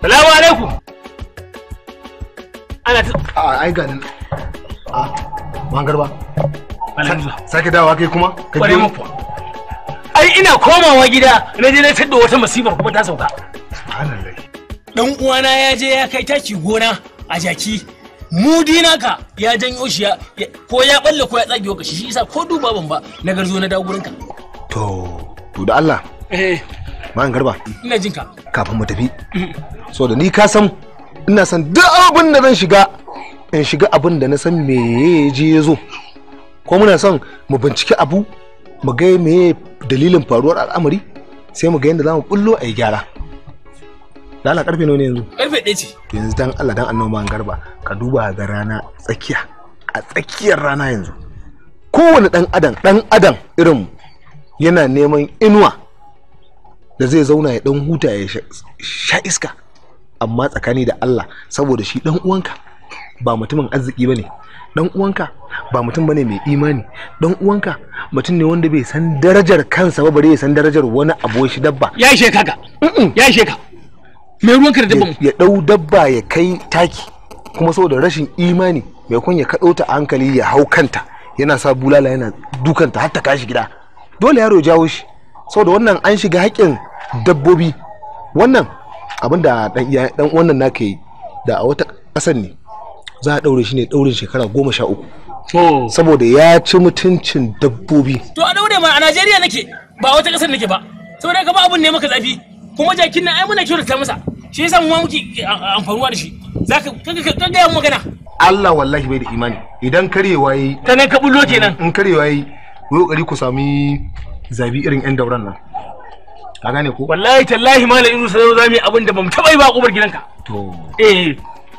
Salamu alaikum. Ana ta. A ai ganin. A mangarba. Sake dawo kai kuma. Kware muku. Ai ina komawa gida na je na tadda wata masifar kuma ta sauka. Dan uwana ya je ya kai taki gona a jaki. dina ka ya janyo shi ya ko ya balle ko ya tsagewa ka shi shi yasa ko duba ban ba na garzo na dawo ka To, to da Allah. Eh. ma'an Garba. Ina jin ka. Kafin mu tafi. Mm-hmm. So da ni ka san ina san duk abin da zan shiga in shiga abin da na san me ya je ya zo. Ko muna son mu binciki abu mu ga me dalilin faruwar al'amari sai mu ga yadda zamu bullo a yi gyara. Lala karfe nawa ne yanzu? Karfe ɗaya ce. To yanzu dan Allah dan annabi an Garba ka duba ga rana tsakiya a tsakiyar rana yanzu. Kowane ɗan adam ɗan adam irin yana neman inuwa da zai zauna ya dan huta ya sha iska amma tsakani da Allah saboda shi dan uwanka ba mutumin arziki bane dan uwanka ba mutum bane mai imani dan uwanka mutum ne wanda bai san darajar kansa ba bare ya san darajar wani abu shi dabba ya ishe ka ya ishe ka mai ruwanka da dabban ya dau dabba ya kai taki kuma saboda rashin imani mai kun ya kado ta hankali ya hau kanta yana sa bulala yana dukanta har ta kashi gida dole yaro jawo shi saboda wannan an shiga haƙƙin dabbobi wannan abin da dan wannan naka yi da a wata ƙasar ne za a ɗaure shi ne ɗaurin shekara goma sha uku oh. saboda ya ci mutuncin dabbobi to a ɗaure ma a najeriya nake ba wata ƙasar nake ba saboda ka ba abin ne maka zafi kuma jakin na ai muna kyautata masa shi yasa mu ma muke eh, amfanuwa da shi zaka ka ga magana Allah wallahi bai da imani idan karewa yi ta nan ka bullo kenan in karewa yi ku kokari ku sami zabi irin ƴan dauran nan ka gane ko wallahi tallahi malam iru sai za mu yi abin da bamu taba yi ba kubar gidanka to eh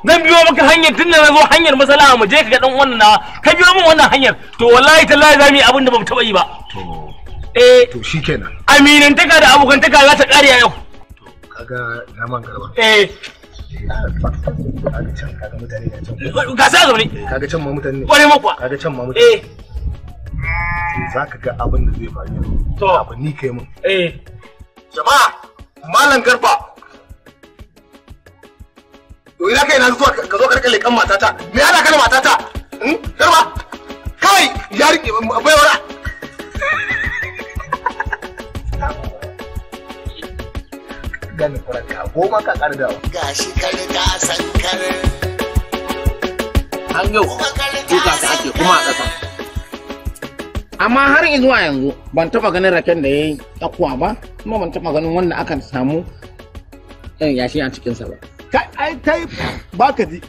zan biyo maka hanyar tun na zo hanyar masala mu je ka ga dan wannan nawa ka biyo min wannan hanyar to wallahi tallahi za mu yi abin da bamu taba yi ba to eh to shikenan aminantaka da abokantaka za ta kare yau to kaga eh. na man garba eh kaga can kaga mutane ya can ga sa zaune kaga can ma mutane kware kuwa. kaga can ma mutane eh za ka ga abin da zai faru to abu ni kai mun eh jama'a malam garba to ina kai na zuwa ka zo karkale kan matata me yana kana matata hmm? garba kai ya rike baiwara gani furanka goma ka kardawa gashi kare ka san kare an yau duka ta ake kuma a ƙasa amma har zuwa yanzu ban taba ganin raken da ya yi tsakuwa ba kuma ban taba ganin wanda aka samu eh, yashi a cikinsa ba kai kai ba ka ji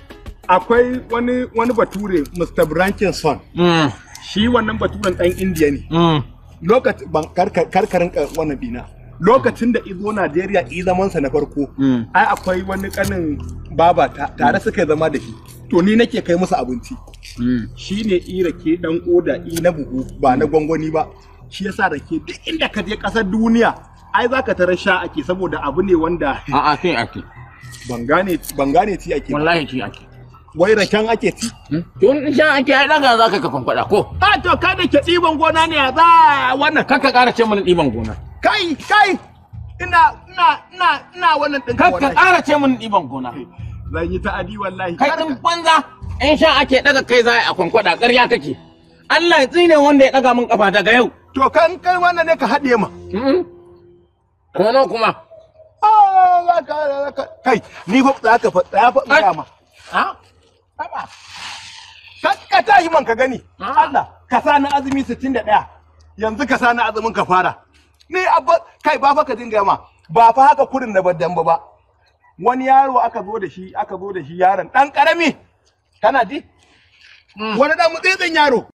akwai wani wani bature Mr. son mm. shi wannan baturen ɗan indiya ne mm. lokacin ban karkarin wannan dina lokacin da izo Najeriya i zamansa na farko mm. ai akwai wani kanin baba tare suka zama da shi to ni nake kai musu abinci Mm. shine i rake dan oda i na bugu ba na gwangwani ba shi yasa rake duk inda ka je kasar duniya ai zaka tarar sha ake saboda abu ne wanda a'a sai ake ban gane ti ci ake wallahi ci ake wai raken ake ci. Hmm? Tun sha ake ai daga za ka kafin faɗa ko. A to ka da ke ɗiban gona ne a za wannan. Kanka ƙara ce mana ɗiban gona. Kai kai ina ina ina ina wannan ɗin. Kanka ƙara ce mana ɗiban gona. Zan yi ta'adi wallahi. Kai ɗin banza. in sha ake daga kai za a kwankwada ƙarya kake Allah ya tsine wanda ya daga min kafa daga yau to kan kai wannan ne ka haɗe ma wannan kuma ah, kai ni ba za ka fa za fa in ma ha ka yi man ka gani Allah ka sani azumi 61 yanzu ka sani azumin ka fara ni abba kai ba fa ka dinga ma ba fa haka kurin da baddan ba ba wani yaro aka zo da shi aka zo da shi yaron dan karami kana ji mm. wani dan mutsitsin yaro